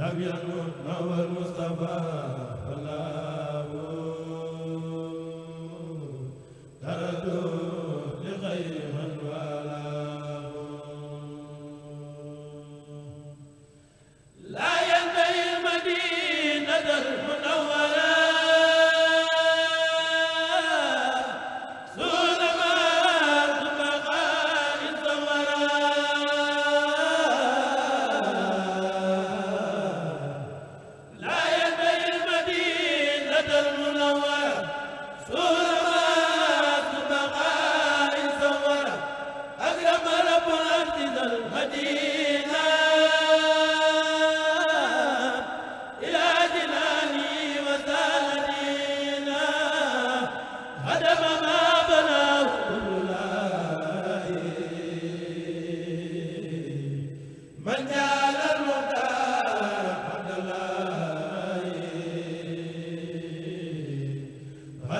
lam yakun mawal Mustafa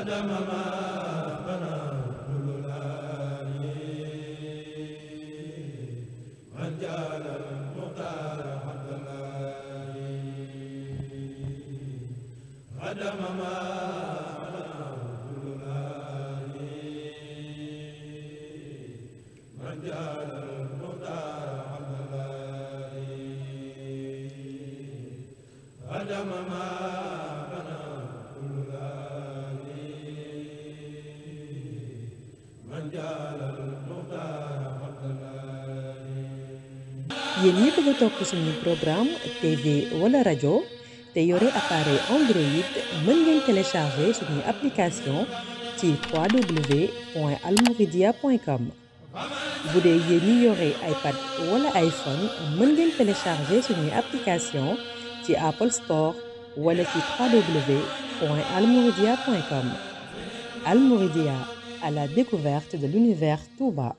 adama ma yéen ñi bëgg a topp programme tv wala rajo te yore appareil Android mën ngeen télécharger suñu application ci www.almouridia.com bu dee yéen ñi yore iPad wala iPhone mën ngeen télécharger suñu application ci Apple Store wala ci www.almouridia.com Almouridia à la découverte de l'univers Touba.